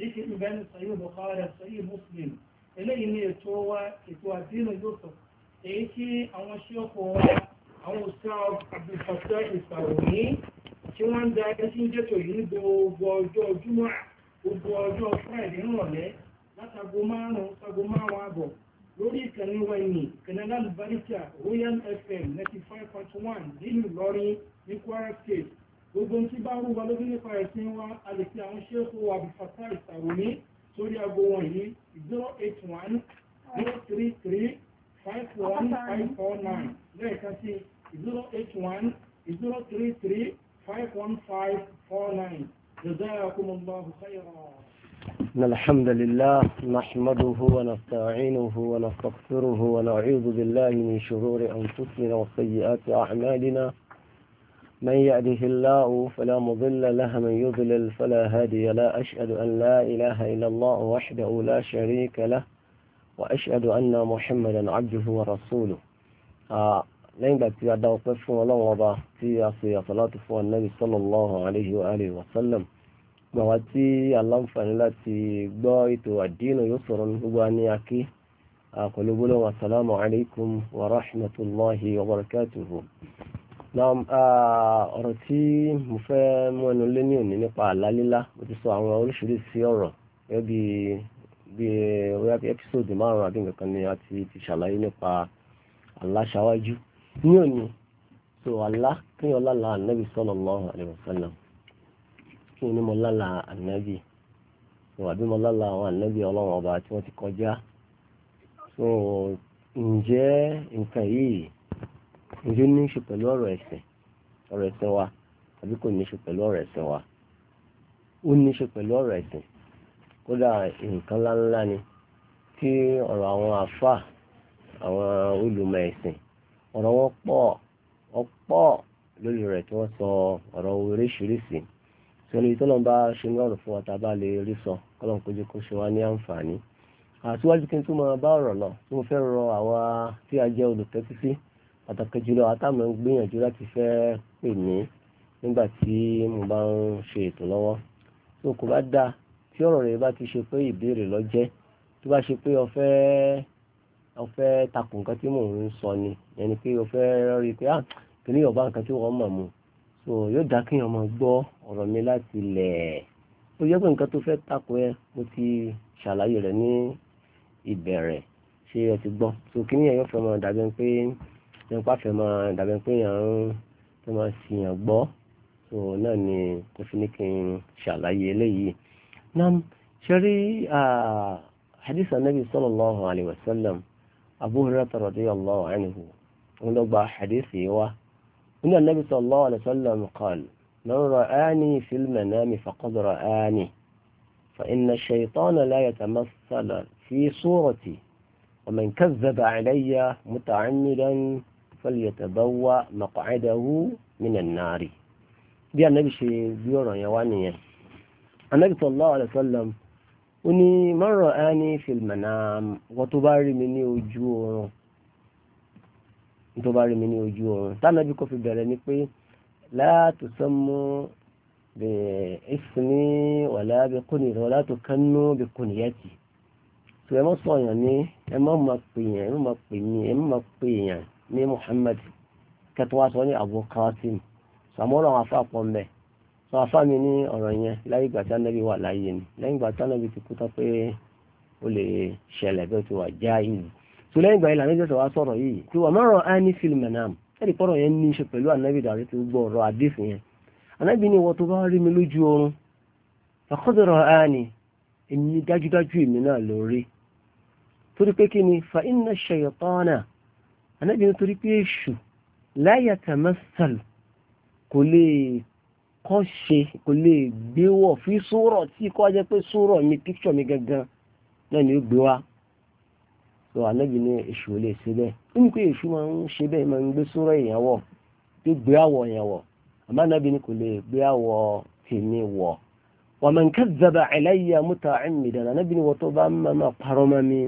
ذكر بين صحيح بخاري صحيح مسلم eléyìí ni ètò wa ètò àdínà yóò sọ èyí tí àwọn ṣíọ́pọ̀ wa àwọn òṣìṣẹ́ àbúfàṣẹ́ ìsàwòní tí wọ́n ń da ẹgbẹ́ tí ń jẹ́tò yìí ní gbogbo ọjọ́ ojúmọ́ gbogbo ọjọ́ friday nírọ̀lẹ́ látago márùn-ún sago márùn-ún àbọ̀ lórí ìkànnì wẹ̀yìn canada barista royal fm ninety five point one nílùú ìlọrin ní kwara state gbogbo tí bá rú wa lójú nípa ẹ̀sìn wa a lè fi àwọn ṣéèkó wa bí fata ìsàròní sórí ago wọ̀nyí zero eight one zero three three five one five four nine lẹ́ẹ̀kan sí zero eight one zero three three five one five four nine جزاكم الله خيرا إن الحمد لله نحمده ونستعينه ونستغفره ونعوذ بالله من شرور أنفسنا وسيئات أعمالنا من يأده الله فلا مضل له من يضلل فلا هادي لا أشهد أن لا إله إلا الله وحده لا شريك له وأشهد أن محمدا عبده ورسوله لين باتي أدعو قف ولو وضع في أصي صلاة فوى النبي صلى الله عليه وآله وسلم بواتي اللهم فنلاتي بويت والدين يسر هباني أكي قلوبنا والسلام عليكم ورحمة الله وبركاته Uh, ọ̀rọ̀ tí mo fẹ́ mú ẹnu lé ní òní nípa àlá lílá mo ti sọ àwọn oríṣiríṣi ọ̀rọ̀ gẹ́gẹ́ bí bí ọ̀rẹ́ ẹ́písòdì márùn-ún àbí nǹkan ni a ti ti ṣàlàyé nípa àlá ṣáwájú ní òní so àlá kí ni ọlá la ànábì sallallahu alaihi wasallam kí ni mo lálà ànábì so àbí mo lálà àwọn ànábì ọlọ́run ọba tí wọ́n ti kọjá so ǹjẹ́ nǹkan yìí ǹjẹ́ ó ní í ṣe pẹ̀lú ọ̀rọ̀ ẹ̀sìn ọ̀rọ̀ ẹ̀sìn wa àbí kò ní í ṣe pẹ̀lú ọ̀rọ̀ ẹ̀sìn wa ó ní í ṣe pẹ̀lú ọ̀rọ̀ ẹ̀sìn kódà nǹkan ńláńlá ni tí ọ̀rọ̀ àwọn àfà àwọn olùmọ̀ ẹ̀sìn ọ̀rọ̀ wọn pọ̀ ọ̀pọ̀ lórí rẹ̀ tí wọ́n sọ ọ̀rọ̀ oríṣiríṣi tí wọ́n lè tọ́lọ́ bá ṣe ní ọ̀rọ̀ fún wa bá lè rí sọ kọ́lọ́n kójú kó ṣe wá ní àǹfààní àtiwájú kí n tún máa bá ọ̀rọ̀ lọ tí mo fẹ́ rọ àwa tí a jẹ́ olùtẹ́tísí pàtàkì jùlọ àtàwọn ń gbìyànjú láti fẹ́ pè mí nígbà tí mo bá ń ṣe ètò lọ́wọ́ tó kò bá dá tí ọ̀rọ̀ rẹ̀ bá ti ṣe pé ìbéèrè ló jẹ́ tó bá ṣe pé o fẹ́ o nǹkan tí mò ń sọ ni ẹni pé o rí i pé ah kìnìún ọba nǹkan tí wọ́n mọ̀ mu so yóò dá kí ọmọ gbọ́ ọ̀rọ̀ mi láti lẹ̀ ó yẹ pé nǹkan tó fẹ́ takò ẹ mo ti ṣàlàyé rẹ̀ ní ìbẹ̀rẹ̀ ṣé ẹ ti gbọ́ so kìnìún yẹn yóò fẹ́ mọ̀ dàbí pé ni nípa fẹ́ máa dàbẹ̀ pé yàn ń tó máa sì yàn gbọ́ so náà ni kò fi ní kí n ṣàlàyé eléyìí nam ṣeré hadith anabi sallallahu alayhi wa sallam abu hurairah radiyallahu anhu wọn lọ gba hadith yìí wá inna anabi sallallahu alayhi wa sallam qala man ra'ani fil manami faqad ra'ani فإن الشيطان لا يتمثل في صورتي ومن كذب علي متعمدا falyatabawwa maq'adahu minan nari bí anabi ṣe bí ọ̀rọ̀ yẹn wá nìyẹn anabi sallallahu alaihi wasallam ó ní man ra'ani fil manam wọ́n tó bá rí mi ní ojú oorun tó bá rí mi ní ojú oorun tánàbí kò fi bẹ̀rẹ̀ ni pé la tusammu bi ismi wala bi kunyati wala tukannu bi kunyati tó ẹ mọ́ sọ̀yàn ní ẹ mọ́ máa pè yàn ẹ mọ́ máa pè yàn ẹ mọ́ máa pè yàn ní Muhammad kẹtọ́wá sọ ní Abu Qasim sàmúrọ̀ àwọn afá pọ̀ mẹ́ sọ afá mi ní ọ̀rọ̀ yẹn láyé ìgbà tí anábì wà láyé ni lẹ́yìn ìgbà tí anábì ti kú tán pé ó lè ṣẹlẹ̀ bẹ́ẹ̀ tó wà já ìlú tó lẹ́yìn ìgbà ìlànà ìjọsọ̀ wa sọ̀rọ̀ yìí tí wà mọ́rọ̀ ẹni fílmù náà ẹ̀rí pọ̀rọ̀ yẹn ní í ṣe pẹ̀lú anábì dàrí tó gbọ́ ọ̀rọ̀ àdéfù yẹn anábì ní ìwọ tó bá rí mi lójú oorun àkọ́dọ̀rọ̀ ẹni èmi dájúdájú èmi náà lórí torí pé kí ni fa inna shaytana anábì nítorí pé èṣù la yatamassal kò lè kọ́ ṣe kò lè gbé wọ̀ fi sórọ̀ tí kọ́ jẹ́ pé sórọ̀ mi píkṣọ̀ mi gangan náà ni ó gbé wá so anábì ní èṣù ò lè ṣe bẹ́ẹ̀ nínú pé èṣù máa ń ṣe bẹ́ẹ̀ máa ń gbé sórọ̀ èèyàn wọ̀ tó gbé àwọ̀ èèyàn wọ̀ àmọ́ anábì ní kò lè gbé àwọ̀ tèmi wọ̀ wa man kazzaba alayya muta'ammidan anábì ní wọ́n tó bá máa parọ́ mọ́ mi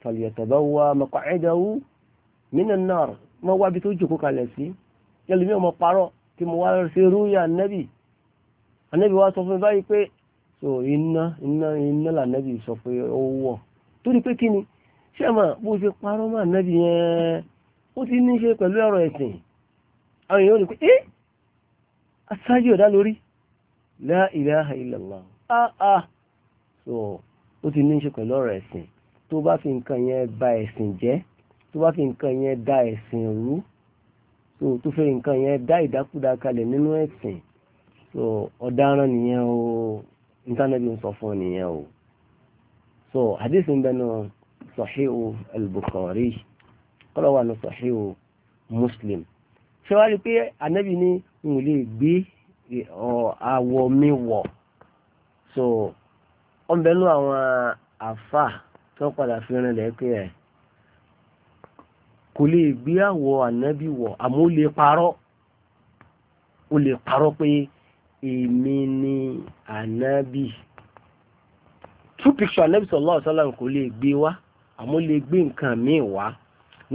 falyatabawa maq'adahu mina nar mo wá bí tó jòkó kalẹ̀ sí ẹlòmí ọmọ parọ́ kí mo wá ṣe rúyà nẹ́bì anẹ́bì wá sọ fún mi báyìí pé so iná iná iná lànẹ́bì sọ pé ó wọ̀ torí pé kí ni ṣé mà bó ṣe parọ́ mà nẹ́bì yẹn ó ti ní ṣe pẹ̀lú ọ̀rọ̀ ẹ̀sìn àwọn èèyàn eh, ò ní pé ẹ́ aṣáájú ọ̀dá lórí la ilaha illallah ah ah so ó ti ní ṣe pẹ̀lú ọ̀rọ̀ ẹ̀sìn tó bá fi nǹkan yẹn ba ẹ̀sìn jẹ́ tó bá fi nǹkan yẹn da ẹ̀sìn rú so tó fẹ́ nǹkan yẹn dá ìdákúdá kalẹ̀ nínú ẹ̀sìn so ọ̀daràn nìyẹn o íńtánẹ́ẹ̀tì ń sọ fún nìyẹn o so hadith ń bẹnu sahihu al-Bukhari kọ́lọ̀ wà ní sahihu Muslim ṣé wàá rí i pé anabi ní n ò lè gbé àwọ̀ mi wọ̀ so ọ̀nbẹ́nu àwọn àfà tó padà fi rìn lẹ́kẹ̀ẹ́ kò lè gbé àwọ̀ ànábì wọ̀ àmọ́ ó lè parọ́ ó lè parọ́ pé èmi ni ànábì two picture ànábì sallallahu alaihi wasallam kò lè gbé wá àmọ́ lè gbé nǹkan míì wá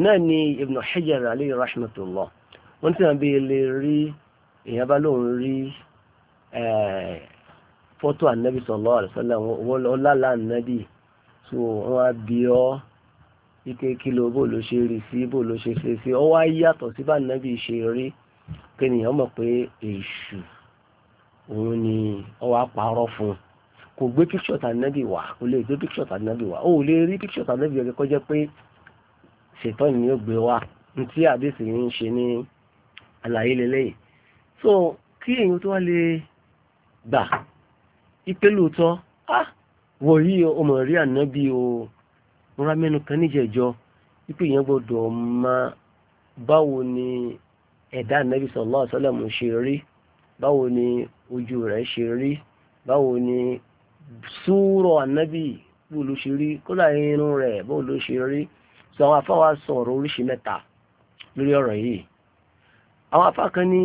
náà ni Ibn Hajar alayhi rahmatullah wọ́n ti hàn bí lè rí èèyàn bá lóun rí fọ́tò eh, ànábì sallallahu alaihi wasallam wọ́n ànábì so wọ́n á bí ọ́ ike kìlọ̀ bó ló ṣe rí sí bó ló ṣe ṣe sí ọ wá yàtọ̀ sí bá nàbí ṣe rí kéèyàn mọ̀ pé èṣù òun ni ọ wá parọ́ fún un kò gbé píkṣọ̀ tànàbí wá kò lè gbé píkṣọ̀ tànàbí wá ó lè rí píkṣọ̀ tànàbí ọ̀gẹ́ kọjá pé ṣètọ́ ni ó gbé wá ntí àdéṣe ń ṣe ní àlàyé lélẹ́yìí so kí èyàn tó wá lè gbà ipe lóòótọ́ ah wọ̀nyí o mọ̀ rí ànábì o rọra mẹ́nu kan níjẹ̀jọ́ wípé ìyẹn gbọ́dọ̀ máa báwo ni ẹ̀dá nẹ́bí sallallahu alaihi wasallam ṣe rí báwo ni ojú rẹ̀ ṣe rí báwo ni súrọ̀ ànábì bó ló ṣe rí kódà irun rẹ̀ bó ló ṣe rí sọ àwọn afáwa sọ̀rọ̀ oríṣi mẹ́ta lórí ọ̀rọ̀ yìí àwọn afá kan ní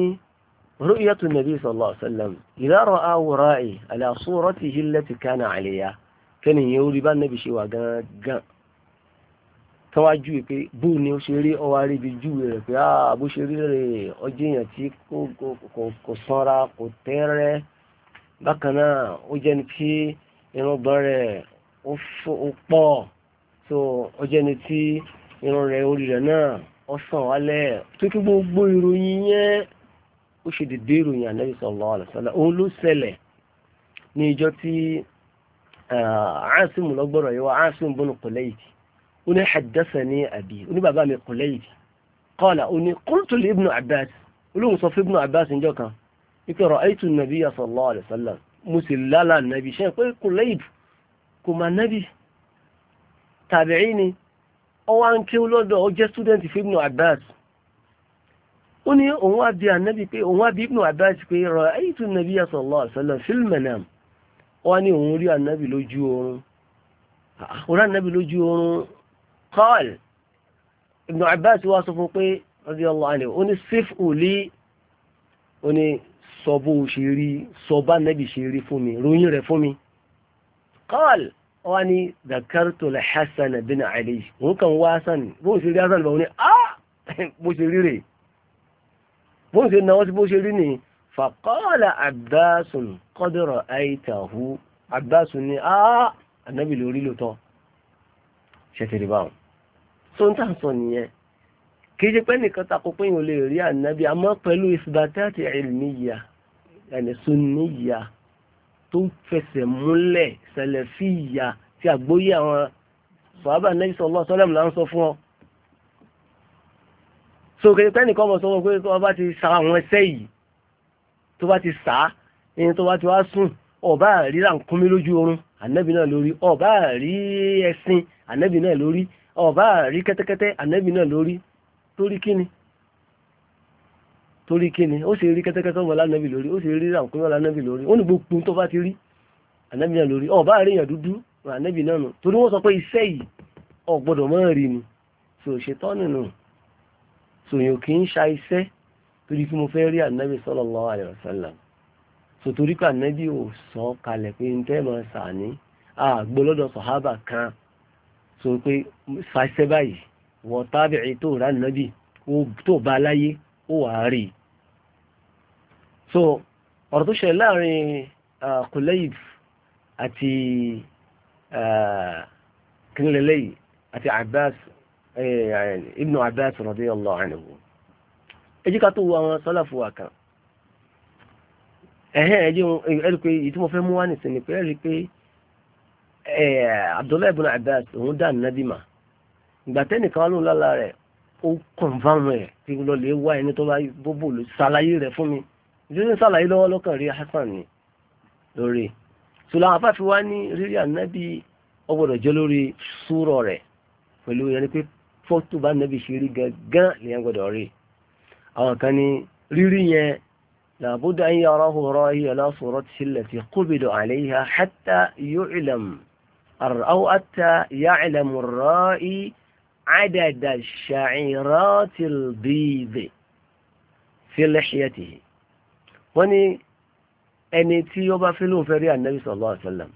رؤية النبي صلى الله عليه وسلم إذا رأى ورائي على صورته التي كان عليها كان يولي بان النبي شوى tọ́wá júwe pé bó ni ó ṣe rí ọwá rí ibi júwe rẹ̀ pé áà ah, bó ṣe rí rẹ̀ ọjọ́ èèyàn tí kò sanra kò tẹ́rẹ́ bákan náà ó jẹ́ ni tí irùngbọ̀n rẹ̀ ó pọ̀ so ó jẹ́ ni tí irun rẹ̀ orí rẹ̀ náà ó sàn wálẹ̀ tó kí gbogbo ìròyìn yẹn ó ṣe dédé ìròyìn ànábì sallallahu alaihi wasallam òun ló ṣẹlẹ̀ ní ìjọ tí ah, Asim lọ́gbọ̀rọ̀ yìí wá Asim bọ́nù pẹ̀lẹ́yìí ó ní haddathani abi ó ní bàbá mi Qulayd qala ó ní qultu li ibnu Abbas olóhùn sọ fún ibnu Abbas níjọ́ kan ipe ra'aytu an-nabiyya sallallahu alayhi wa sallam mo sì lálà nàbí ṣe pé Qulayd kò máa nàbí tàbí'í ni ó wá ń kéwú lọ́dọ̀ ó jẹ́ student fún ibnu Abbas ó ní òun wá bí ànábì pé òun wá bí ibnu Abbas pé ra'aytu an-nabiyya sallallahu alayhi wa sallam قال ابن عباس واصفه قي رضي الله عنه وني صفه لي وني صبو شيري صبا نبي شيري فمي روين رفمي قال واني ذكرت لحسن بن علي هو كان واسن بو شيري حسن بوني اه بو شيري ري بو شيري نواس بو شيري ني فقال عباس قد رأيته عباس ني اه النبي لوري لو تو شتري باو tó ń tàǹsọ̀ nìyẹn kìí ṣe pé nìkan takò pé yìí ò lè rí ànábì àmọ́ pẹ̀lú ìsìbátẹ́ẹ̀tì ìlmíyà ẹ̀nì sunniya tó fẹsẹ̀ múlẹ̀ sẹlẹ̀fíyà tí àgbóyè àwọn sọ̀hábà nẹ́bí sallallahu alaihi wasallam là ń sọ fún ọ. so kìí pé nìkan mọ̀ sọ wọn pé tó bá ti sa àwọn ẹsẹ̀ yìí tó bá ti sá ẹni tó bá ti wá sùn ọ̀bá rí ràǹkúnmí lójú oorun ànábì náà lórí ọ̀bá rí ẹṣin ànábì náà lórí ọba rí kẹ́tẹ́kẹ́tẹ́ ànábì náà lórí torí kíni torí kíni ó sì rí kẹ́tẹ́kẹ́tẹ́ ọmọ lánàbì lórí ó sì rí ràǹkúnmí lánàbì lórí ó ní gbogbo tó bá ti rí ànábì náà lórí ọba rí èèyàn dúdú ànábì náà nù torí wọ́n sọ pé iṣẹ́ yìí ò gbọ́dọ̀ mọ́ rí ni sò ṣetán nínú sòyìn kì í ṣa iṣẹ́ torí kí mo fẹ́ rí ànábì sallallahu alaihi wasallam sò torí pé ànábì ò sọ kalẹ̀ pé so pé fàṣẹ báyìí wọ tábìrì tó rà nàbì tó bá láyé ó wà á rí i so ọ̀rọ̀ tó ṣẹlẹ̀ láàrin Kulayb àti kínlẹ̀lẹ́yìí àti Abbas ibn Abbas radiyallahu anhu ẹjí ká tó wo àwọn sọ́làfù wa kan ẹ̀hẹ́ ẹjí ẹ̀rí pé ìtumọ̀ fẹ́ mú wá nìsín ni pé ẹ̀rí pé Eh, Abdullahi ibn Abbas òun dà nàbí mà ìgbà tẹ́nìkan ló lára rẹ̀ ó kàn fáwọn ẹ̀ tí lọ lè wá ẹni tó bá bóbò ló ṣàlàyé rẹ̀ fún mi ìjọba ṣàlàyé lọ́wọ́ lọ́kàn rí Hasan ni lórí ṣùgbọ́n àwọn afáfi wá ní rírí ànábì ọgbọ́dọ̀ jẹ́ lórí súrọ̀ rẹ̀ pẹ̀lú ẹni pé fọ́tò bá nẹ́bí ṣe rí gangan lèyàn gbọ́dọ̀ rí àwọn kan ní rírí yẹn làbúdà ń yára ọ̀rọ̀ yìí ọ̀lá sọ̀rọ̀ tilẹ̀ ti kóbìdọ̀ àlẹ́ yìí hátà yóò ìlàmù أو أتى يعلم الرائي عدد الشعيرات البيض في لحيته وني ẹni tí ó bá fẹ́ lóun fẹ́ rí ànábì sallallahu alaihi wasallam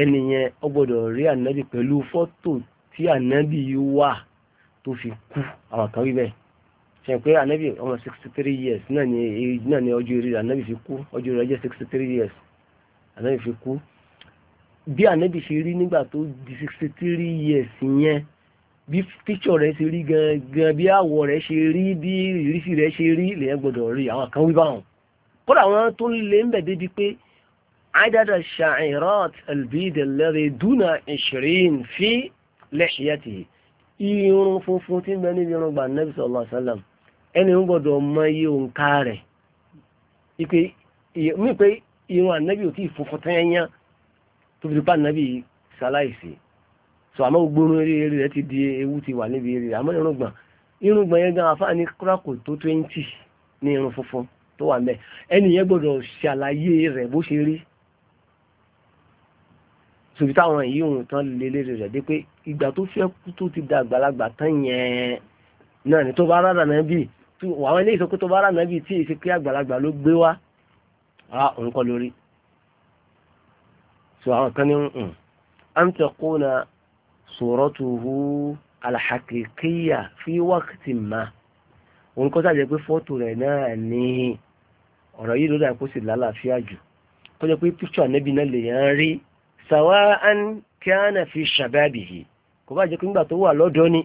ẹni yẹn ó gbọ́dọ̀ rí ànábì pẹ̀lú fọ́tò tí ànábì yìí wà tó fi kú àwọn kan wíbẹ̀ ṣe pé ànábì ọmọ sixty three years náà ni ọjọ́ orí ànábì fi kú ọjọ́ orí ọjọ́ sixty three years ànábì fi kú bí ànábì ṣe rí nígbà tó di sixty three years yẹn bí picture rẹ̀ ṣe rí gangan bí àwọ̀ rẹ̀ ṣe rí bí ìrísí rẹ̀ ṣe rí lèyàn gbọ́dọ̀ rí àwọn kan wí báwọn kódà àwọn tó ń lé ń bẹ̀ débi pé àìdáda ṣàìrọ́t albidẹ̀lẹ́rẹ̀ dúnà ìṣirin fi lẹ́ṣìyàtì irun funfun tí ń bẹ níbi irun gbà nẹ́bí sọ̀lá sálàm ẹni ń gbọ́dọ̀ mọ iye òǹkà rẹ̀ ìpè mí pé irun ànẹ́bí ò tí ì funfun tẹ́yẹ́yẹ́ tó fi pa nàbí ṣaláìsì so àmọ́ gbóná eré eré rẹ ti di ewu ti wà níbi eré àmọ́ irùngbọ̀n irùngbọ̀n yẹn gan afáàní kúrákò tó twenty ní irun funfun tó wà mẹ́ ẹni yẹn gbọ́dọ̀ ṣàlàyé rẹ̀ bó ṣe rí sobi táwọn èyí òun tán lè lérè rẹ̀ dé pé ìgbà tó fẹ́ kú tó ti da àgbàlagbà tán yẹn náà ni tó bá rárá náà bì àwọn ilé ìsọkú tó bá rárá náà bì tí èsì pé àgbàlagbà ló gbé wá òun kọ́ lórí so àwọn kan ní ń hmm, am takuna suratuhu alhakikiya fi wákìtì ma òun kọ́ sáà jẹ́ pé fọ́tò rẹ̀ náà ní ọ̀rọ̀ yìí ló dà kó sì lálàáfíà jù kó jẹ́ pé píkṣọ̀ ànẹ́bí náà lè yàn rí sawa'an kana fi shababihi kò bá jẹ́ pé nígbà tó wà lọ́dọ́ ni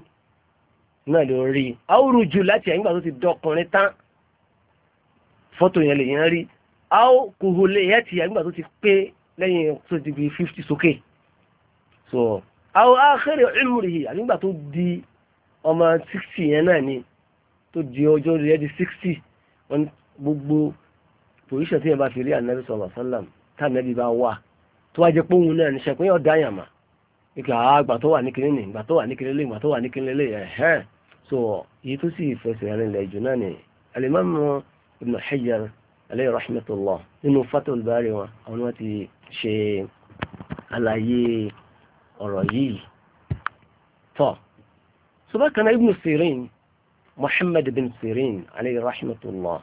náà ló rí àwòrán jù láti ẹ̀ nígbà tó ti dọkùnrin tán fọ́tò yẹn lè yàn rí àwòkòhò lè yẹ ti ẹ̀ nígbà tó ti pé lẹ́yìn tó ti bí 50 sókè so àwọn ákẹ́rẹ̀ ìmúrìhì àgbígbà tó di ọmọ 60 yẹn náà ni tó di ọjọ́ rẹ̀ di 60 wọn gbogbo pòlíṣẹ̀ tí yẹn bá fi rí ànábì sọ̀rọ̀ sálàm tánàbí bá wà tó wá jẹ́ póhun náà níṣẹ́ pé ọ̀dà àyàmà ìkà àgbà tó wà ní kiri ní ìgbà tó wà ní kiri lé ìgbà tó wà ní kiri lé ẹ̀hẹ́n so èyí tó sì fẹsẹ̀ rìn lẹ̀ jù náà ni alimami ibn Hajar alayhi rahmatullah nínú Fatul Bari wọn àwọn wọn ti ṣe àlàyé ọ̀rọ̀ yìí tọ́ subakana ibn sirin muhammad bin sirin alayhi rahmatullah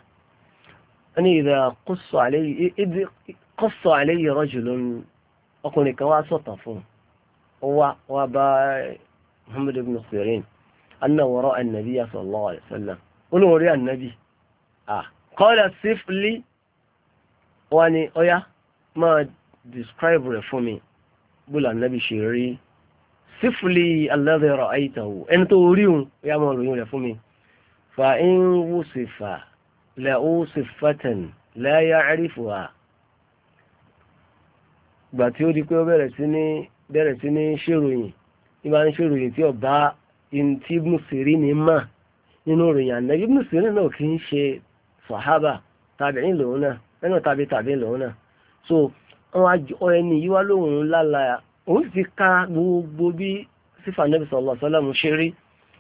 ani idha qassa alayhi qassa alayhi rajulun ọkùnrin kan wá sọ̀tàn fún un ó wá bá muhammad bin sirin anna wara annabi sallallahu alayhi wa sallam olóòrí annabi ah qala sifli wani oya máa describe rẹ̀ fún mi bóla nàbí ṣe rí sífìlì alladhi ra'aytahu ẹni tó rí òun ya mọ̀ ròyìn rẹ̀ fún mi fa in wusifa la usifatan la ya'rifuha gbà tí ó di pé ó bẹ̀rẹ̀ sí ní bẹ̀rẹ̀ sí ní ṣèròyìn ìbá ń ṣèròyìn tí ọba tí Ibn Sirin ní mà nínú ròyìn ànábì Ibn náà kì í ṣe sàhábà tàbí ìlòun náà ẹnu tàbí tàbí ìlòun náà so wọn ẹni yìí wá lóhùn lálàá òun sì ka gbogbo bí sífà nẹ́bí sọ̀lọ̀ sọ́lọ́mù ṣe rí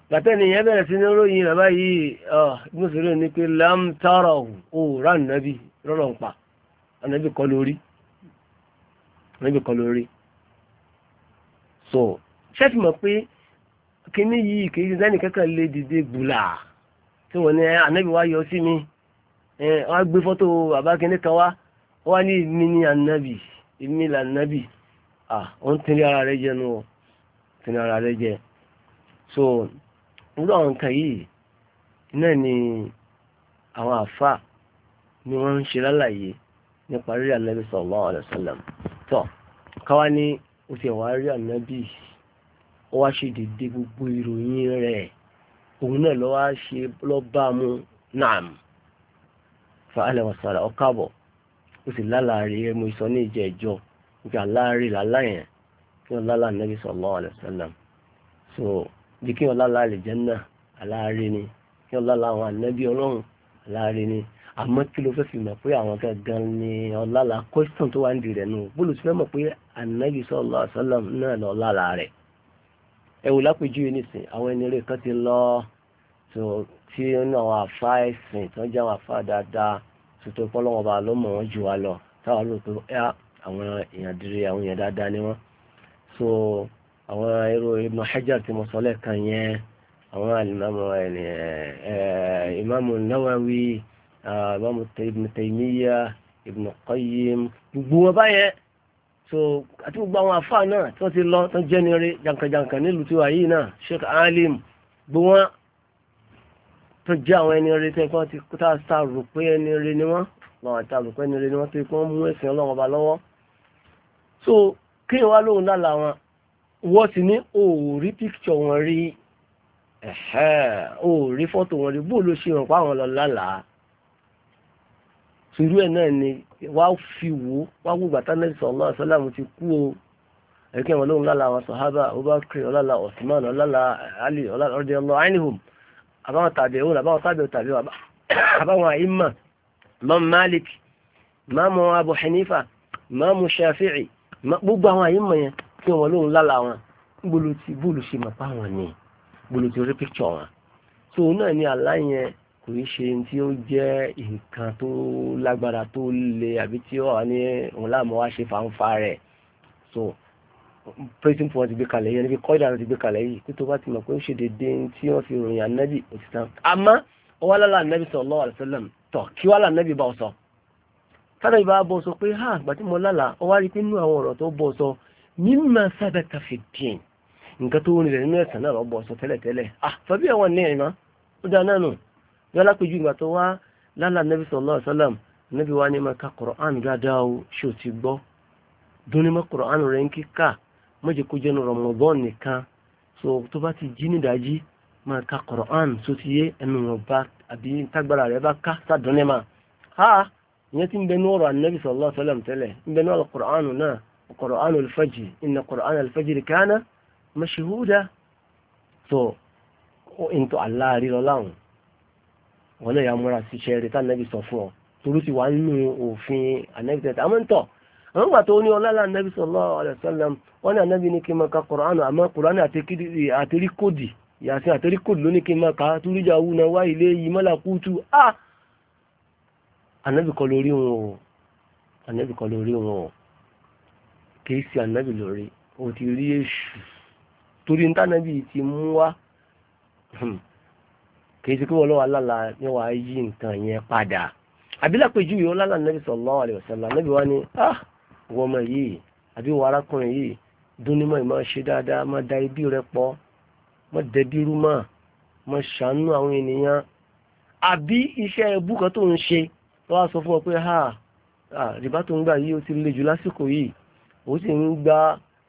gbàtẹ́ ni ìyẹn bẹ̀rẹ̀ sí ní ròyìn rẹ̀ báyìí ìgbésòrò ní pé lámtàrọ̀ ò rà nàbí rọ̀rọ̀ ń pa ànàbí kọ́ lórí ànàbí kọ́ lórí so ṣẹ́fì mọ̀ pé kíní yìí kìí ṣe dání kankan lé dìde gbùlà tí wọ́n ní ànàbí wá yọ sí mi wọ́n á gbé fọ́tò bàbá kíní kan wá wá ní ìmí ní ànábì ìmí lànábì ah ó ń tẹ́lẹ̀ ara rẹ jẹ́ nu ọ tẹ́lẹ̀ ara rẹ jẹ́ so irú àwọn nǹkan yìí náà ni àwọn àfa ni wọ́n ń ṣe lálàyé nípa rírí ànábì sallallahu alaihi wasallam tọ́ káwá ní ó ti wá rí ànábì ó wá ṣe dédé gbogbo ìròyìn rẹ̀ òun náà lọ́wọ́ ṣe lọ́ọ́ bá a mú fa alẹ́ wàsàlà ọ̀kábọ̀ ó sì lálàárí ẹmu ìsọ ní ìjẹ ìjọ nígbà láàárí làláyẹn kí wọn lálàá nàbí sallallahu alaihi so bí kí wọn lálàá àlìjẹ́nà aláàárí ni kí wọn lálàá àwọn ànábì ọlọ́run aláàárí ni àmọ́ kí ló fẹ́ fi mọ̀ pé àwọn gangan ni ọlálà question tó wà ń di rẹ̀ nù bólú ti fẹ́ mọ̀ pé ànábì sallallahu alaihi wasallam náà lọ lálà rẹ̀ ẹ wò lápèjúwe nísìn àwọn ẹni rẹ̀ kan ti lọ tí ó àwọn àfa ẹ̀sìn tó ń jẹ́ àwọn àfa dáadáa tuntun pọ́lọ́wọ́ bá ló mọ̀ wọ́n jù wá lọ táwọn lò pé ẹ́ àwọn èèyàn dire àwọn èèyàn dáadáa ni wọ́n so àwọn irú Ibn Hajar tí mo sọ lẹ́ẹ̀kan yẹn àwọn alimami Imamu Nawawi Imamu Ibn Taymiyyah Ibn Qayyim gbogbo wọn báyẹn so àti gbogbo àwọn àfáà náà tí wọ́n ti lọ tán jẹ́ ni rí jankanjankan nílùú tiwa yìí náà Sheikh Alim gbogbo wọn. tó jẹ́ àwọn ẹni rere ikpe ẹ̀kọ́ ti kúta sáàrù pé ẹni rere ni wọ́n lọ́wọ́ ẹni ni wọ́n tó ikú mú ẹ̀sìn lọ́wọ́ so kí wá lóhun wọn wọ́n sì ní òòrí píkṣọ wọn rí fọ́tò wọn rí bóòlù ṣe hàn lọ lálàá ẹ̀ náà ni wá fi wò wá wò gbàtà náà ti kú o ẹ̀kẹ́ wọn lóhun àbáwọn tàbíhùn àbáwọn tàbíhùn tàbíhùn àbáwọn àìmọ̀ mọ́mù Malik mọ́mù Abu Hanifa mọ́mù Shafi'i gbogbo àwọn àìmọ̀ yẹn kí wọn lóhun lálà wọn gbolo ti bóòlù ṣe mọ̀ páwọn ni gbolo ti rí píkṣọ̀ wọn tó náà ni àlá yẹn kò í ṣe tí ó jẹ́ nǹkan tó lágbára tó le àbí tí ó wà ní òun láàmú wá ṣe fàǹfà rẹ̀ so praising point gbé kalẹ̀ yẹn níbi kọ́ìdà ti gbé kalẹ̀ yìí pé tó bá ti mọ̀ pé ó ṣe dédé tí wọ́n fi ròyìn ànábì òtítàn àmọ́ ọwọ́ alála ànábì sallallahu alaihi wasallam tọ̀ kí wọ́n alála ànábì bá ọ sọ. tádà ìbá bọ̀ sọ pé ha àgbà tí mo lálà ọ wá rí pé nínú àwọn ọ̀rọ̀ tó bọ̀ sọ mimma sabata fi din nǹkan tó rìn rẹ̀ nínú ẹ̀sán náà bọ̀ sọ tẹ́lẹ̀tẹ́lẹ̀ ah fàbí àwọn ní ẹ̀mọ́ ó dáa náà nù bí alápèjú ìgbà tó wá sallallahu alaihi wasallam ànábì wa ní ma ka Qur'an dáadáa o ṣé o ti gbọ́ dúnni mọ́ Qur'an ń kíkà mọ́jẹ́ kó jẹ́nu Ramadan nìkan so tó bá ti jí nídàájí máa ka Qur'an tó ti yé ẹnu wọn bá àbí tágbára rẹ bá ká sádùnẹ́ máa ha ìyẹn ti ń bẹ ní ọ̀rọ̀ anabi sallallahu alaihi tẹ́lẹ̀ ń bẹ ní ọ̀rọ̀ Qur'an náà Qur'an al-fajr Qur'an al-fajr kana so ó ń tọ́ aláàrí lọ láwọn wọn náà yà múra sí ṣẹ́ẹ̀rì tá anabi sọ fún ọ torí ti wà nínú òfin anabi tẹ̀tẹ̀ àmọ́ ń tọ̀ àwọn gbà tó ní ọlọ́lá nẹ́bí sallallahu alaihi wasallam wọ́n ní ànẹ́bí ní kí n máa ka kọ̀rọ̀ánù àmọ́ kọ̀rọ̀ánù àtẹríkòdì yàtí àtẹríkòdì ló ní kí n máa ka túrújà wù náà wá ilé yìí mọ́là kútu á ànẹ́bí kọ́ lórí wọn o ànẹ́bí kọ́ lórí wọn o kìí ṣe ànẹ́bí lórí o ti rí èṣù torí ní tànẹ́bí ti mú wá hmm, kìí ṣe kí wọ́n lọ́wọ́ alála ní wàá yí nǹkan yẹn padà àbílẹ̀ pẹ̀jú yìí ọlọ́lá nẹ́bí sallallahu alaihi wasallam nẹ́bí wá ní ah wọ́mọ yìí àbí wọ́n arákùnrin yìí dúnímọ̀ ìmọ̀ ṣe dáadáa má da ibi rẹ pọ̀ má dẹbi rú mọ́ má ṣàánú àwọn ènìyàn àbí iṣẹ́ ẹbú kan tó ń ṣe tó wá sọ fún ọ pé ha rìbá tó ń gbà yìí ó ti le jù lásìkò yìí ó sì ń gba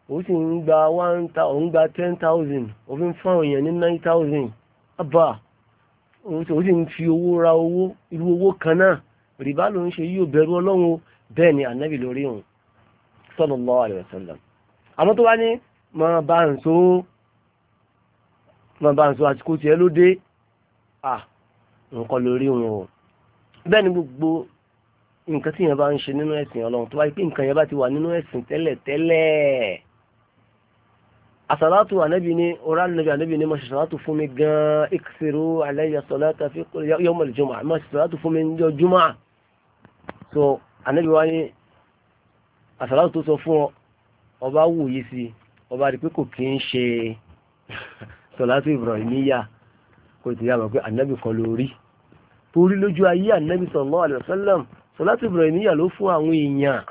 ó sì ń gba one ta ó ń gba ten thousand ó fi ń fún àwọn èèyàn ní nine thousand abba ó sì ń fi owó ra owó irú owó kan náà rìbá ló ń ṣe yìí ò ọlọ́run bẹ́ẹ̀ ni ànábì lórí òun sallallahu alaihi wasallam àmọ́ tó wá ní máa bá ń so máa bá ń so àsìkò tiẹ̀ ló dé à nǹkan lórí wọn o bẹ́ẹ̀ ni gbogbo nǹkan tí yẹn bá ń ṣe nínú ẹ̀sìn ọlọ́run tó bá yẹ pé nǹkan yẹn bá ti wà nínú ẹ̀sìn tẹ́lẹ̀ tẹ́lẹ̀ àsàlátù ànábì ní ọ̀rá ànábì ànábì ní máa fún mi gan iksiru alayya salata fi yawmal jumu'ah máa ṣe sàlátù fún mi ní ọjọ́ jùmọ̀ so ànábì wáyé àsàlátù tó sọ fún ọ ọba wòye sí ọba rí pé kò kí ń ṣe sọ̀látù Ibrahimiyya kò sì yàgbọ́ pé ànábì kan ló rí torí lójú ayé ànábì sallallahu alaihi wasallam sọ̀látù Ibrahimiyya ló fún àwọn èèyàn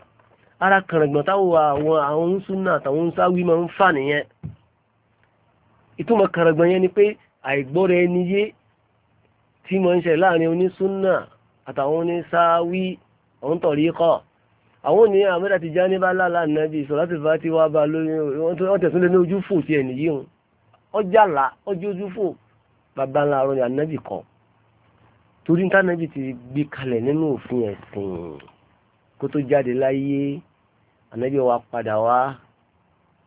ara kàràǹgbọ̀n táwọn àwọn àwọn súnà àtàwọn sáwí máa ń fà nìyẹn ìtumọ̀ kàràǹgbọ̀n yẹn ni pé àìgbọ́ra ẹni yé tí mo ń ṣe láàrin onísúnà àtàwọn onísáwí òǹtọ̀ríkọ̀ àwọn ní àmọ́dá ti já ní bá lálá nàbí sọ̀rọ̀ ti bá ti wá bá lóyún wọ́n tẹ̀sùn lé ní ojú fò sí ẹni yìí ọjà là ọjọ́ ojú fò bàbá ńlá ọ̀rọ̀ ni ànábì kọ́ torí ní tànábì ti gbé kalẹ̀ nínú òfin ẹ̀sìn kó tó jáde láyé ànábì wa padà wá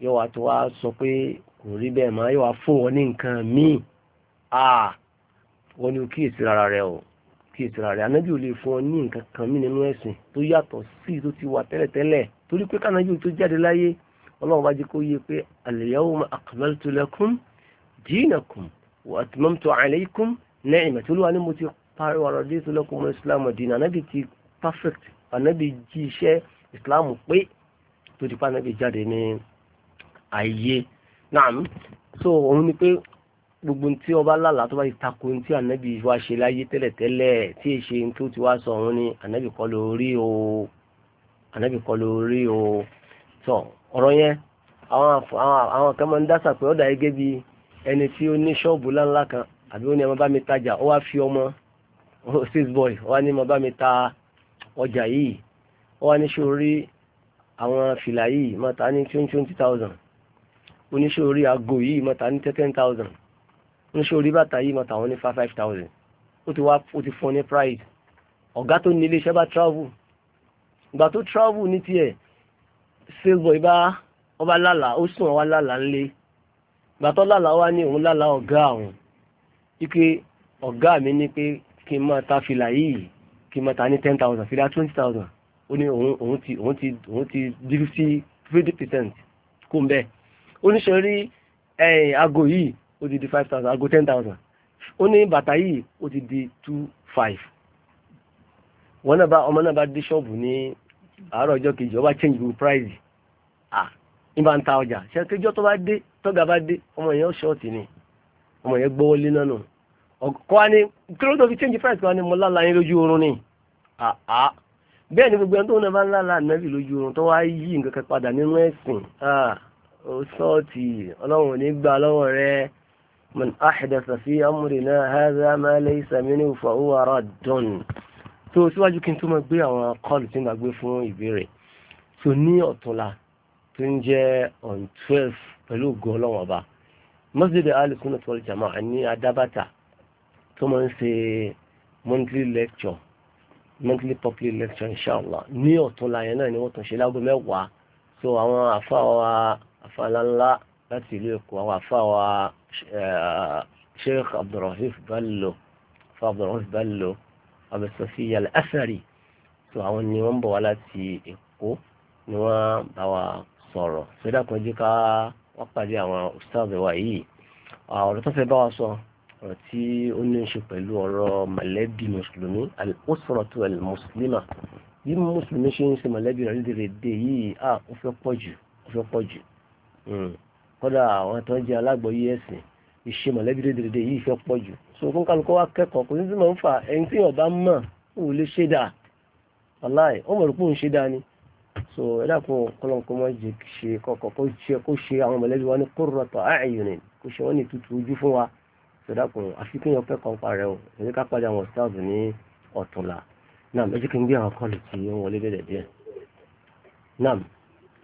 yóò wá tó wá sọ pé kò rí bẹ́ẹ̀ máa yóò wá fún wọn ní nǹkan míì wọn ni ó kíyèsí rárá rẹ o kí ètò ààrẹ anábì ò lè fún ọ ní nǹkan kan mí nínú ẹ̀sìn tó yàtọ̀ sí tó ti wà tẹ́lẹ̀tẹ́lẹ̀ torí pé kánábì tó jáde láyé ọlọ́run bá jẹ́ kó yé pé al-yawma akmaltu lakum dinakum wa atmamtu alaykum ni'mati olúwa ni mo ti parí ọ̀rọ̀ dé tó lakum islam dina anábì ti perfect anábì jí iṣẹ́ islam pé tó di pa anábì jáde ní ayé náà so òun ni pé gbogbo tí ọba lálàá tó bá ti takò tí ànábì wa ṣe láyé tẹ́lẹ̀tẹ́lẹ̀ tí è ṣe tó ti wá sọ òun ni ànábì kọ́ ló o ànábì kọ́ ló o tọ ọ̀rọ̀ yẹn àwọn kan máa ń dásà pé ọ̀dà gẹ́gẹ́ bí ẹni tí ó ní ṣọ́ọ̀bù láńlá kan àbí ó ní ọmọ bá mi tajà ó wá fi ọmọ six boy ó wá ní ọmọ bá mi ta ọjà yìí ó wá ní sórí àwọn fìlà yìí mọ̀ta ní twenty twenty thousand oníṣòrí aago yìí mọ̀ta ní ten thousand ń ṣe orí bàtà yìí mọ̀tà wọn ní five five thousand ó ti wá ó ti fún ní pride ọ̀gá tó ní iléeṣẹ́ bá travel ìgbà tó travel ní tiẹ̀ salesboy bá ọba lálà ó sùn ọwá lálà ńlé ìgbà tó lálà wá ní òun lálà ọ̀gá òun wípé ọ̀gá mi ní pé kí n máa ta fìlà yìí kí n máa ta ní ten thousand fìlà twenty thousand ó ní òun òun ti òun ti òun ti di fifty fifty percent kó bẹ́ẹ̀ ó ní ṣe yìí ó ti di five thousand ago ten thousand ó ní bàtà yìí ó ti di two five wọn náà bá ọmọ náà bá dé ṣọ́ọ̀bù ní àárọ̀ ọjọ́ kejì ó change the price ah ní bá ń ta ọjà ṣe kéjọ́ tó bá dé tọ́gà bá dé ọmọ yẹn ṣọ́ọ̀tì ni ọmọ yẹn gbọ́wọ́ lé náà nù ọkọ wa ni kí ló tó fi change price wa ni mo lálàá yín lójú oorun ni ah ah bẹ́ẹ̀ ni gbogbo ẹni tó ń bá ńláńlá ànábì lójú oorun tó wá yí nǹkan kan padà nínú ẹ̀sìn ó sọ́ọ̀tì ọlọ́run ò ní gbà lọ́wọ́ rẹ̀ من أحدث في أمرنا هذا ما ليس منه فهو رد tó síwájú kí n tó máa gbé àwọn kọ́ọ̀lù tí n bá gbé fún ìbéèrè tó ní ọ̀túnla tó ń jẹ́ on twelve pẹ̀lú ògùn ọlọ́wọ́n ọba Masjid Al-Sunnah wal Jama'ah ní adábàtà tó máa ń ṣe monthly lecture monthly public lecture inshallah ní ọ̀túnla yẹn náà ni wọ́n tún ṣe lágbo mẹ́wàá so àwọn àfa wa àfa ńláńlá láti ìlú Èkó àwọn àfáwà eh, Sheikh Abdurrahif Bello fún Abdurrahif Bello abẹ́sọ̀fíyà al-Asari tó àwọn ni wọ́n ń bọ̀ wá láti Èkó ni wọ́n bá wa sọ̀rọ̀ sódàkùn jí ká wọ́n pàdé àwọn ustaz wa yìí ọ̀rọ̀ tó fẹ́ bá wa sọ ọ̀rọ̀ tí ó ní ṣe pẹ̀lú ọ̀rọ̀ mọ̀lẹ́bí mùsùlùmí al-usratu bí mùsùlùmí ṣe ń ṣe mọ̀lẹ́bí rẹ̀ lédèrèdè yìí ó fẹ́ pọ̀ jù ó fẹ́ pọ̀ jù. Hmm kọ́dà àwọn tó ń jẹ́ alágbọ̀yé ẹ̀sìn ìṣe mọ̀lẹ́bí dédédé yìí fẹ́ pọ̀ jù so fún kálukọ́ wa kẹ́kọ̀ọ́ kò ní sí máa ń fa ẹni tí yóò bá mọ̀ ò lè ṣe dáa aláì ó mọ̀ rúpọ̀ ń ṣe dáa ni so ẹ dákun kọ́lọ́nkọ́ máa jẹ ṣe kọ́kọ́ kó ṣe kó ṣe àwọn mọ̀lẹ́bí wa ní qurrata a'yunin kó ṣe wọ́n ní tutù ojú fún wa so dákun àfikún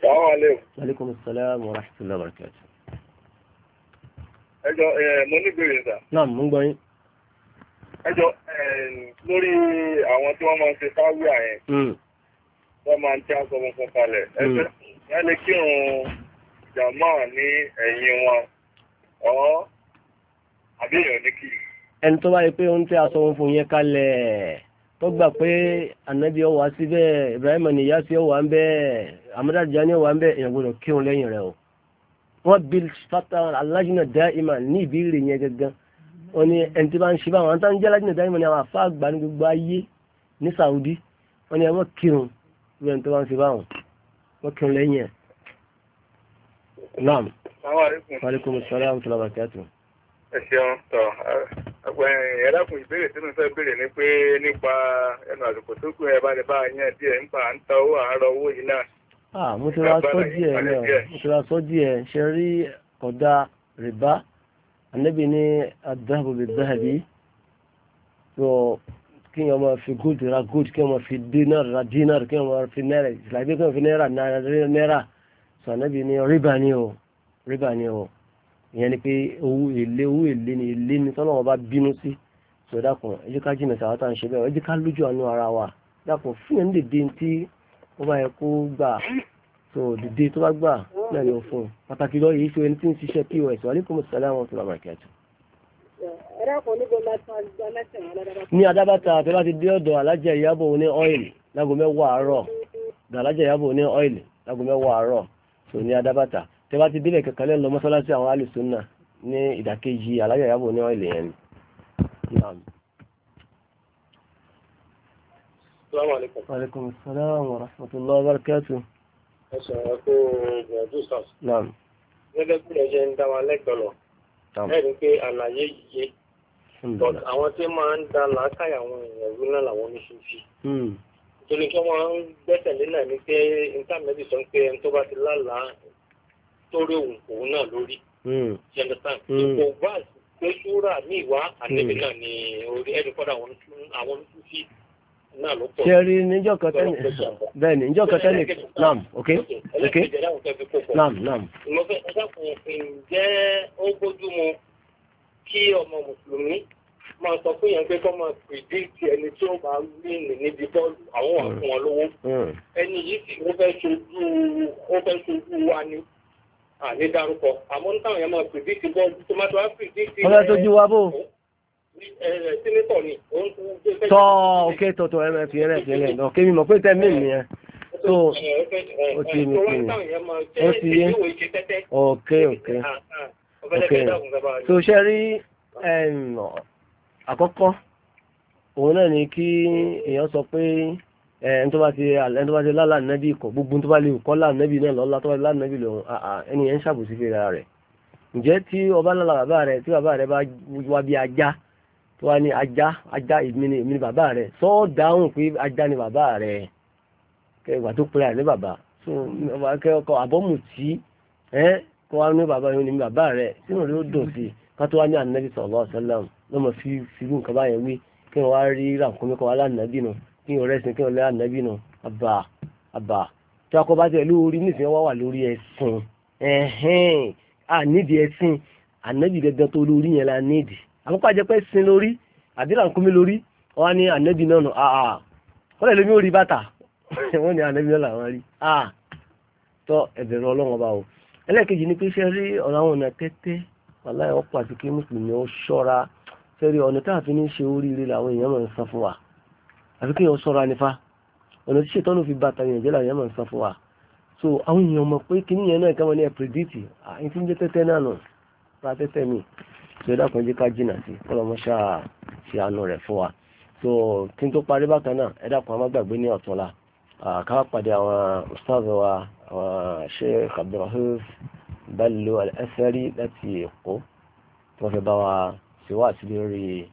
salaamaleykum. aleykum salaam wa rahmatulah wa barakatuh ẹjọ́ mo ní ìbéèrè sà. náà mo gbọ́ yín. ẹjọ́ lórí àwọn tí wọ́n máa ń ṣe fáwíà yẹn hmm. wọ́n máa ń tí aṣọ funfun kalẹ̀ ẹgbẹ́ hmm. yẹn lè kírun jàmá ní ẹ̀yìn wọn ọ̀ àbí èèyàn ní kí. ẹni tó bá yẹ pé ó tí aṣọ funfun yẹn kalẹ̀ tó gbà pé ànábì ọwà síbẹ̀ Ibrahim niyasi ọwà ń bẹ́ẹ̀ Amadu Tijani ọwà ń bẹ́ẹ̀ èèyàn kírun lẹ́yìn rẹ̀ o wọ́n bí fata alájùnà dáìmà ní ìbéèrè yẹn gangan wọ́n ní ẹni tí bá ń ṣe báwọn àwọn táwọn jẹ́ alájùnà dáìmà ní àwọn àfa àgbà ní gbogbo ayé ní Saudi wọ́n ní ẹ wọ́n kírun bí ẹni tó bá ń ṣe báwọn wọ́n kírun lẹ́yìn ẹ̀. naam maaleykum salaam wa rahmatulah barakatu. ẹ ṣeun tọ ẹ̀dàkùn ìbéèrè sínú sọ ìbéèrè ni pé nípa ẹnu àsìkò tó kù ẹ bá lè bá yẹn díẹ̀ nípa à Ah, mo ti ra sọ díẹ̀ náà mo ti ra sọ díẹ̀ ṣe rí ọ̀dà rìbá anábì ní adáàbò lè dáàbí tó kí wọ́n máa fi gold ra gold kí wọ́n máa fi dinar ra dinar kí wọ́n máa fi náírà ìsìláàbí kí wọ́n fi náírà náírà sọ anábì ní rìbá ni o rìbá ni o ìyẹn ni pé owó èlé owó èlé ni èlé ni tọ́lọ́wọ́n bá bínú sí sọ̀dá kan ẹ jẹ́ ká jìnnà sàwátà ń ṣe bẹ́ẹ̀ ẹ jẹ́ ká lójú àánú ara wa dákun fún ẹ̀ ń dèdè tí ó bá yẹ kó gbà tó dìde tó bá gbà náà ni ó fún un pàtàkì lọ yìí ṣe ẹni tí ń ṣiṣẹ́ pos wà nípò mùsùlùmí àwọn tó lọ bàkẹ́ àjọ. ní adábàtà tó bá ti dé ọ̀dọ̀ alájà ìyábọ̀ ní ọ́ìlì lágo mẹ́wàá àárọ̀ alájà ìyábọ̀ ní ọ́ìlì lágo mẹ́wàá àárọ̀ tó ní adábàtà tó bá ti délẹ̀ kankan lọ mọ́sálásí àwọn alùsùn náà ní ìdàkejì alájà ìyábọ̀ ní ọ́ìlì yẹn ni. Assalamu alaikum. Wa alaikum assalam wa rahmatullahi wa barakatuh. Ẹ sọ̀rọ̀ pé ìgbìyànjú sàn. Naam. Gẹ́gẹ́ bí ẹ̀ṣẹ̀ ń dá wa lẹ́kọ̀ọ́ lọ. Ẹ̀rí pé àlàyé yìí àwọn tí máa ń da làákàyè àwọn èèyàn rú náà làwọn oníṣòfì. Hmm. Nítorí kí wọ́n ń gbẹ́sẹ̀ nílẹ̀ ni pé ìntàmẹ́bì sọ pé ẹni tó bá ti lálàá torí òun òun náà lórí. Ṣé hmm. understand? Kò hmm. bá pé ṣúra ní ìwá àtẹ́bí ni orí ẹni kọ́dà àwọn oníṣòfì ṣẹ́rí níjọ́ kan tẹ́lẹ̀ bẹ́ẹ̀ ni níjọ́ kan tẹ́lẹ̀ nam ok ok nam nam. ìmọ̀fẹ́ ẹ̀dá kò ǹjẹ́ ó gbójú kí ọmọ mùsùlùmí máa sọ fún yẹn pé kọ́ máa pìdíìtì ẹni tí ó bá wíìnì níbi bọ́ọ̀lù àwọn wà hmm. wọn lówó hmm. ẹni yìí sì ó fẹ́ ṣojú ó fẹ́ ṣojú wa ni àní dárúkọ àmọ́ nítawọn yẹn máa pìdíìtì bọ́ọ̀lù tó máa tó wá pìdíìtì. wa bó sínítọ̀ ni òun tó fẹ́. tọ́ ok tọ̀tọ̀ ẹ fi ẹlẹ́ fi ẹlẹ́ náà kémi pé tẹ́ mí nìyẹn tó o ti ní kí ni o ti yé ok ok ok so ṣe rí àkọ́kọ́ òun náà ni kí èèyàn sọ pé ẹni tó bá ti ẹni tó bá ti lálàá nẹ́bí kọ̀ gbogbo tó bá lè kọ́ láà nẹ́bí náà lọ́la tó bá lálàá nẹ́bí lòun ẹni yẹn ń ṣàbòsí fèrè rẹ̀ ǹjẹ́ tí ọba lálàá bàbá rẹ̀ tí bàbá rẹ̀ bá wá bí ajá tó wá ní ajá ajá èmi ni èmi ni bàbá rẹ̀ sọ ọ́ dáhùn pé ajá ni bàbá rẹ̀ kẹwàá tó pẹ́ra ní bàbá tó kẹwàá àbọ̀mùtí ẹ́ kó wá ní bàbá yìí ni bàbá rẹ̀ sínú rẹ̀ ó dùn sí i ká tó wá ní ànábì sallallahu alaihi wasallam ló mọ̀ fi irú nǹkan báyẹn wí kí wọ́n wá rí ràǹkómi kọ́ wá lánàbì nù kí wọ́n rẹ́sìn kí wọ́n lé ànábì nù àbà àbà tí a kọ́ bá tẹ̀ lórí nísìnyí wá wà lórí ẹ̀sìn ẹ̀hìn ànídìí ẹ̀sìn ànábì gẹ́gẹ́ tó lórí yẹn la nídìí àkọ́kọ́ àjẹpẹ́ sin lórí àdínlá ń kúmi lórí wọ́n á ní ànẹ́bí náà nù àà wọ́n lè lómi ó rí bàtà wọ́n ní ànẹ́bí náà làwọn rí àà tọ́ ẹ̀bẹ̀rẹ̀ ọlọ́run ọba o ẹlẹ́ẹ̀kejì ni pé sẹ́rí ọ̀rọ̀ àwọn ọ̀nà tẹ́tẹ́ wàláyé ọ̀pọ̀ àti kí mùsùlùmí ó ṣọ́ra sẹ́rí ọ̀nà tá a fi ní ṣe oríire làwọn èèyàn máa ń san fún wa àfi kí èèyàn ṣọ́ra nífa ọ̀nà tí ṣètọ́nù fi bàtà èèyàn jẹ́ làwọn èèyàn máa so àwọn èèyàn mọ̀ pé kí níyẹn náà kí wọ́n ní ẹ̀ pìrìdìtì àyìn tí ń jẹ́ tẹ́tẹ́ náà nù ra tẹ́tẹ́ mi so ẹ̀dá kan jẹ́ ká jìnà sí kọ́lọ́mọṣà ṣe àánú rẹ̀ fún wa so kí n tó parí bákan náà ẹ̀dá kan má gbàgbé ní ká pàdé àwọn ustaz wa àwọn sheikh abdulrahuf Bello al-Asari láti Èkó tí wọ́n fẹ́ bá wa ṣe wá sí lórí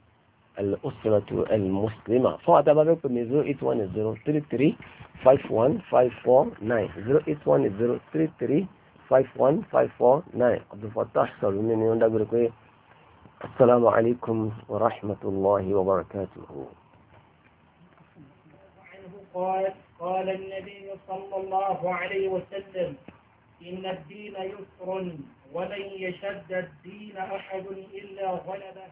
al-usratu al-muslima fún àtàbàbẹ́ pè mí zero eight one zero three three five one five four nine zero eight one zero three three five one five four nine Abdulfatah Salumi ni wọ́n dágbére pé. السلام عليكم ورحمة الله وبركاته قال قال النبي صلى الله عليه وسلم إن الدين يسر ولن يشد الدين أحد إلا غلبه